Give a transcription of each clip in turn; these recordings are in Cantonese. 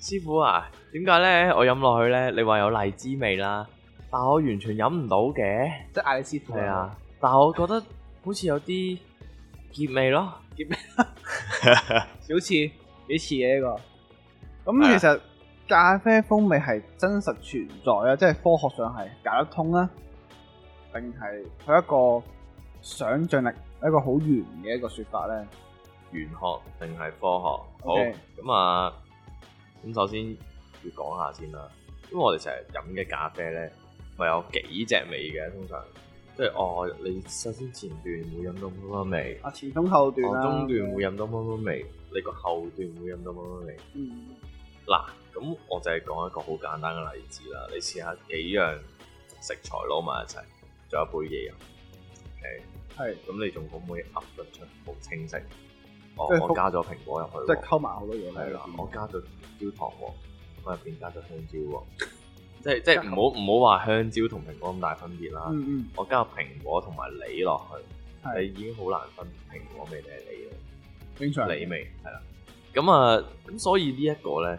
師傅啊，點解咧？我飲落去咧，你話有荔枝味啦，但係我完全飲唔到嘅，即係嗌你師傅。係啊吧，但係我覺得好似有啲澀味咯，澀潔味？少似幾似呢個。咁其實咖啡風味係真實存在啊，的即係科學上係搞得通啊。定係佢一個想象力一個好玄嘅一個說法咧。玄學定係科學？好咁啊。Okay. 咁首先要講下先啦，因為我哋成日飲嘅咖啡咧，咪有幾隻味嘅通常，即係哦，你首先前段會飲到乜乜味，啊前中後段、哦、中段會飲到乜乜味，對 你個後段會飲到乜乜味。嗯，嗱，咁我就係講一個好簡單嘅例子啦，你試下幾樣食材攞埋一齊，有一杯嘢飲，誒，係，咁你仲可唔可以合得出好清晰？我加咗蘋果入去，即係溝埋好多嘢。係啦，我加咗焦糖喎，我入邊加咗香蕉喎，即係即係唔好唔好話香蕉同、 就是就是、蘋果咁大分別啦。嗯嗯、我加咗蘋果同埋梨落去，係是已經好難分蘋果味定係梨嘅。正常梨味係啦。咁啊，咁所以這呢一個咧，誒、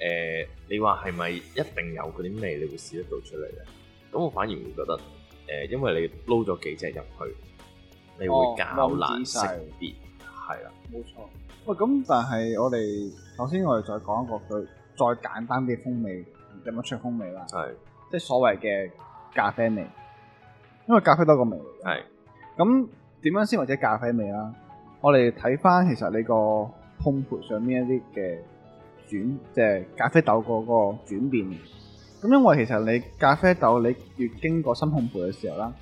呃，你話係咪一定有嗰啲味，你會試得到出嚟咧？咁我反而會覺得，誒、呃，因為你撈咗幾隻入去，你會加、哦、較難識別。係啦，冇錯。喂，咁但係我哋頭先我哋再講一個佢再簡單啲風味，點樣出風味啦？係的，即係所謂嘅咖啡味，因為咖啡豆個味嚟。係的，咁點樣先或者咖啡味啦？我哋睇翻其實你個烘焙上面一啲嘅轉，即係咖啡豆嗰個轉變。咁因為其實你咖啡豆你越經過深烘焙嘅時候啦，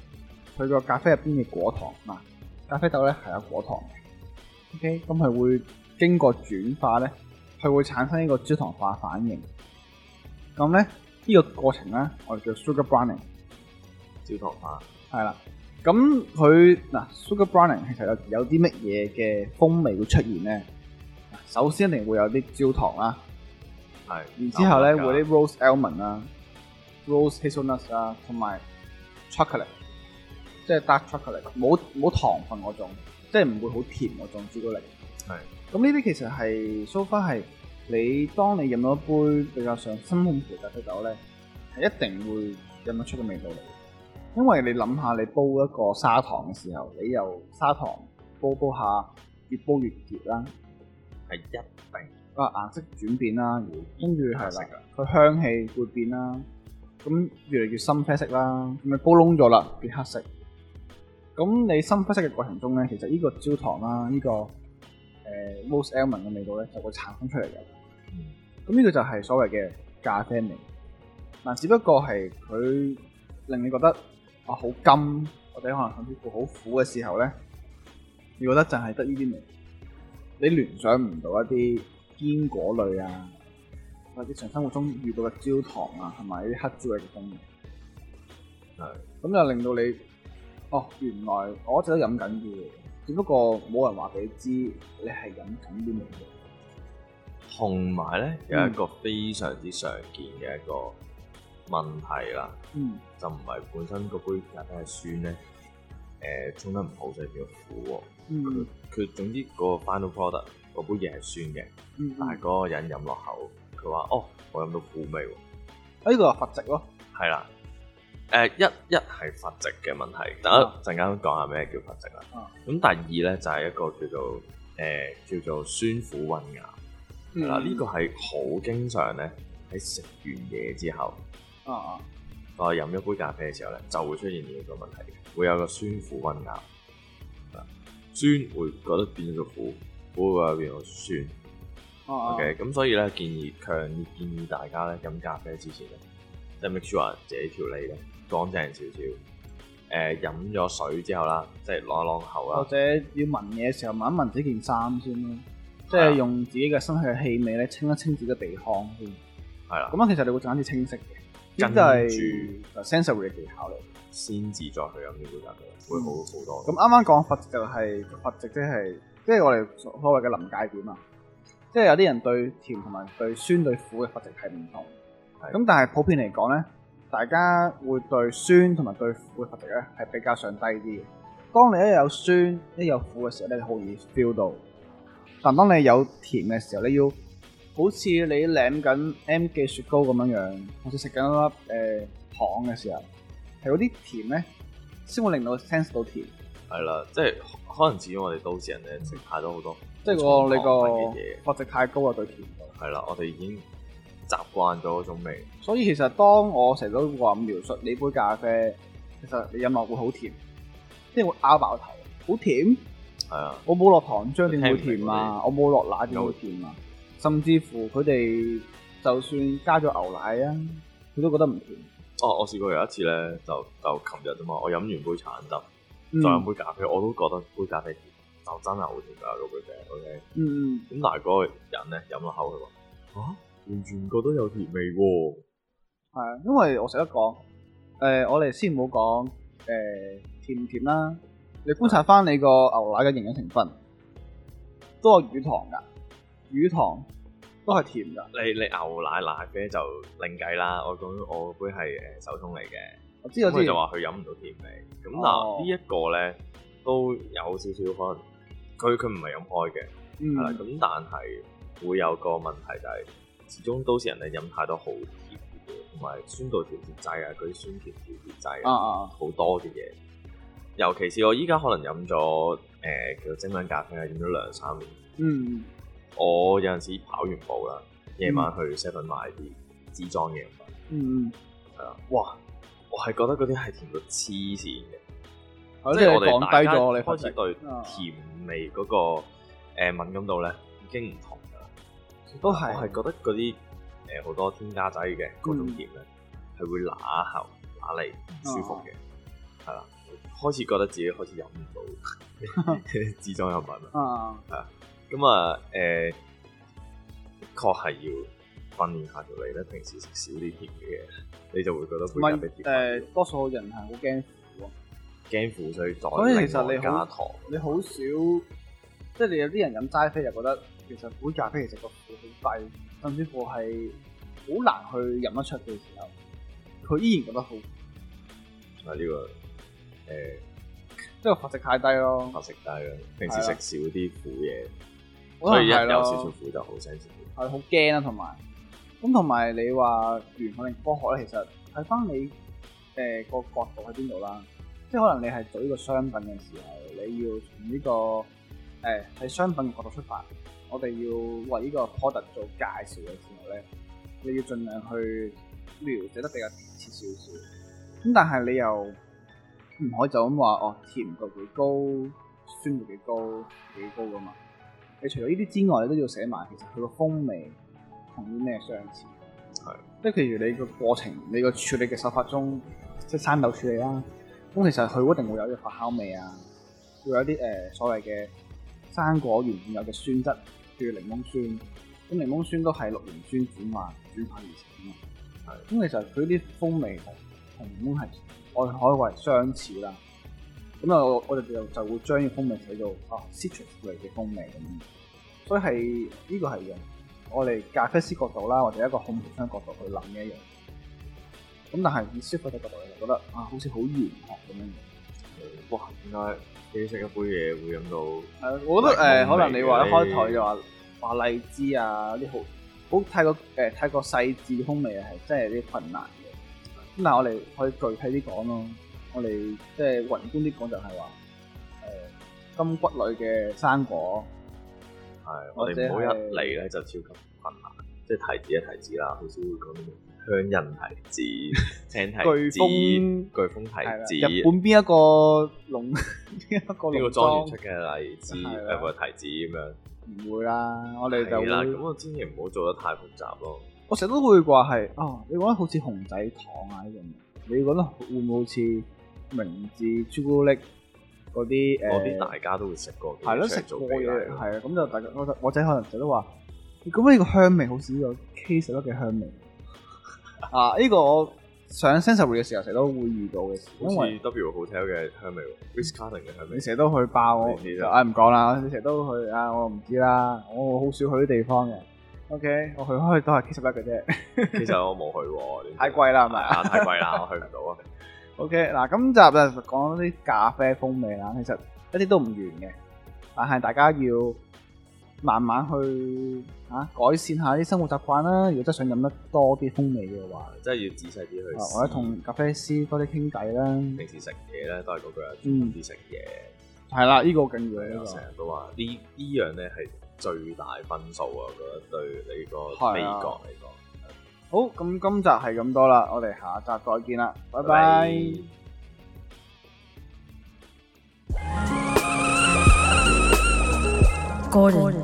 佢個咖啡入邊嘅果糖嗱，咖啡豆咧係有果糖的。OK，咁佢會經過轉化咧，佢會產生一個焦糖化反應。咁咧呢、呢個過程咧，我哋叫 sugar browning，焦糖化，係啦。咁佢嗱 sugar browning 其實有有啲乜嘢嘅風味會出現咧？首先你會有啲焦糖啦，係是。然之後咧糖會有啲 rose almond 啦，rose hazelnuts 啊，同埋、啊、Ch chocolate，即係 dark chocolate，冇冇糖分嗰種。即係唔會好甜喎，種朱古力。咁呢啲其實係 so far 係你當你飲咗一杯比較上深烘焙嘅咖啡豆咧，係一定會飲得出嘅味道嚟。因為你諗下，你煲一個砂糖嘅時候，你由砂糖煲煲下，越煲越熱啦，係一定個顏色轉變啦，跟住係啦，佢香氣會變啦，咁越嚟越深啡色啦，咁咪煲燶咗啦，變黑色。咁你深呼吸嘅過程中咧，其實依個焦糖啦，依個誒 mousse almond 嘅味道咧，就會產生出嚟嘅。咁呢個就係所謂嘅咖啡味，嗱，只不過係佢令你覺得啊好甘，或者可能甚至乎好苦嘅時候咧，你覺得就係得依啲味，你聯想唔到一啲堅果類啊，或者日常生活中遇到嘅焦糖啊，同埋啲黑椒嘅風味。係。咁就令到你。哦，原來我一直都飲緊嘅，只不過冇人話俾你知，你係飲緊啲味嘅。同埋咧，有一個非常之常見嘅一個問題啦，嗯，就唔係本身嗰杯咖啡係酸咧，誒、呃，沖得唔好所以叫苦喎？佢、嗯、總之嗰個 final product 嗰杯嘢係酸嘅，嗯嗯，但係嗰個人飲落口，佢話：哦，我飲到苦味喎！呢、啊呢個係發值咯，係啦。誒、uh,，一一係發直嘅問題。Uh huh. 等陣間講下咩叫發直啦。咁、uh huh. 第二咧就係、是、一個叫做誒、呃、叫做酸苦混淆。嗱、mm，呢、hmm. 個係好經常咧喺食完嘢之後，啊、uh，我飲一杯咖啡嘅時候咧就會出現呢個問題，會有個酸苦混淆。酸會覺得變咗苦，苦嘅變咗酸。Uh huh. OK，咁所以咧建議強烈建議大家咧飲咖啡之前咧，即係、uh huh. make sure 自己條脷咧。乾淨少少，誒，飲、呃、咗水之後啦，即係啷一啷口啦，或者要聞嘢嘅時候，聞一聞呢件衫先咯，的即係用自己嘅身體嘅氣味咧，清一清自己嘅鼻腔先，係啦的。咁啊，其實你會暫啲清晰嘅，呢啲係著 sensory 嘅技巧嚟，先至再去飲啲烏龍茶，嗯、會好好多。咁啱啱講佛直就係、是、佛直、就是，即係即係我哋所謂嘅臨界點啊，即、就、係、是、有啲人對甜同埋對酸對苦嘅佛直係唔同，咁的但係普遍嚟講咧。大家會對酸同埋對苦嘅值咧係比較上低啲嘅。當你一有酸一有苦嘅時候咧，好易 feel 到，但當你有甜嘅時候，你要好似你舐緊 M 記雪糕咁樣樣，或者食緊粒誒糖嘅時候，係嗰啲甜咧先會令到 sense 到甜。係啦，即係可能至於我哋都市人咧食太多好多很，即係個你個值太高啊，對甜度。係啦，我哋已經。習慣咗嗰種味，所以其實當我成日都話咁描述，你杯咖啡其實你飲落會好甜，即係會咬爆頭，好甜。係啊的，我冇落糖漿，點會甜啊？我冇落奶點好甜啊？會甚至乎佢哋就算加咗牛奶啊，佢都覺得唔甜。哦、啊，我試過有一次咧，就就琴日啫嘛，我飲完杯橙汁，再飲杯咖啡，嗯、我都覺得杯咖啡甜，就真係好甜噶嗰杯咖啡，OK。嗯嗯。咁但係嗰個人咧飲咗口佢話，啊？完全唔覺得有甜味喎，係啊，因為我成日講，誒、呃，我哋先唔好講誒甜唔甜啦，對 你觀察翻你個牛奶嘅營養成分，都係乳糖噶，乳糖都係甜噶，啊。你你牛奶奶啡就另計啦。我講我杯係誒手沖嚟嘅，我知我知，咁就話佢飲唔到甜味。咁嗱、哦、呢一個咧都有少少可能，佢佢唔係飲開嘅，係啦，嗯啊。咁但係會有個問題就係，是。始終都市人哋飲太多好甜嘅，嘢，同埋酸度調節劑啊，嗰啲酸甜調節劑啊，好、啊、多嘅嘢。尤其是我依家可能飲咗，誒、呃，叫精品咖啡，係飲咗兩三年。嗯，我有陣時跑完步啦，夜晚去 Seven 買啲支裝嘢。嗯嗯，係啊，哇，我係覺得嗰啲係甜到黐線嘅。即係我哋降低咗，你開始對甜味嗰個誒敏感度咧，嗯、度已經唔同。都係，哦，是啊、我係覺得嗰啲誒好多添加劑嘅嗰種甜咧，係、嗯、會乸喉乸脷唔舒服嘅，係啦、啊啊，開始覺得自己開始飲唔到， 自裝飲品啦，係啊，咁啊誒，確、嗯、係、嗯嗯嗯、要訓練下條脷咧，平時食少啲甜嘅嘢，你就會覺得配有啲誒，呃、多數人係好驚苦啊，驚苦，所以再其實你加糖，你好少，即係你有啲人飲齋啡又覺得。其實苦咖啡其實個苦好低，甚至乎係好難去飲得出嘅時候，佢依然覺得很苦。啊，呢、這個誒，即係個價值太低咯。價值低啊！平時食少啲苦嘢，了所以一有少少苦就好少少。係好驚啊！同埋，咁同埋你話玄學定科學咧，其實睇翻你誒、欸、個角度喺邊度啦。即係可能你係做呢個商品嘅時候，你要從呢、這個誒喺、欸、商品嘅角度出發。我哋要為呢個 product 做介紹嘅時候咧，你要盡量去描寫得比較貼切少少。咁但係你又唔可以就咁話哦，甜度夠幾高，酸度夠幾高，幾高噶嘛？你除咗呢啲之外，你都要寫埋其實佢個風味同啲咩相似。係的，即係譬如你個過程，你個處理嘅手法中，即係生豆處理啦。咁其實佢一定會有啲發酵味啊，會有啲誒、呃、所謂嘅生果原有嘅酸質。叫檸檬酸，咁檸檬酸都係綠原酸轉化轉化而成嘅嘛。咁的其實佢啲風味同檸檬係愛海為相似啦。咁啊，我哋就就會將呢個風味睇做「啊 citrus 嚟嘅風味咁。所以係呢、呢個係用我哋咖啡師角度啦，或者一個烘焙商角度去諗嘅一樣。咁但係以消費者角度，就覺得啊，好似好玄學咁樣。嗯、哇！應該你食一杯嘢會飲到。誒，我覺得誒、呃，可能你話開的話一開台就話話荔枝啊，啲好好太過誒，太過細緻嘅風味係真係有啲困難嘅。咁的但係我哋可以具體啲講咯，我哋即係宏觀啲講就係話誒柑橘類嘅生果。係的，我哋唔好一嚟咧就超級困難的。即係提子嘅提子啦，好少會講啲咩香印提子、青提子、提子 巨，峰巨峰提子、日本邊一個農邊 一個農莊個出嘅荔枝誒或提子咁樣，唔的會啦，我哋就咁我千祈唔好做得太複雜咯。我成日都會話係啊，你覺得好似熊仔糖啊咁，你覺得會唔會好似明治朱古力嗰啲誒？嗰啲大家都會食過，係咯的，食過嘢係啊，咁就大家我我仔可能成日都話。咁呢個香味好似呢個 K 十一嘅香味啊！呢個我上 Sensory 嘅時候成日都會遇到嘅，好似 W 好聽嘅香味，Wish Garden 嘅香味。你成日都去爆我，就唉唔講啦。我成日都去啊，我唔知啦。我好少去啲地方嘅。OK，我去開去都係 K 十一嘅啫。其實我冇去喎，太貴啦，係咪啊？太貴啦，我去唔到啊。OK，嗱，今集就講啲咖啡風味啦。其實一啲都唔玄嘅，但係大家要，慢慢去嚇、啊、改善一下啲生活習慣啦、啊。如果真係想飲得多啲風味嘅話，真係要仔細啲去、啊。或者同咖啡師多啲傾偈啦。平時食嘢咧都係嗰句啊，注意食嘢。係啦，呢、呢個好緊要嘅。成日、呢個、都話呢呢樣咧係最大分數啊！我覺得對你個味覺嚟講。了嗯、好，咁今集係咁多啦。我哋下集再見啦，拜拜。Bye bye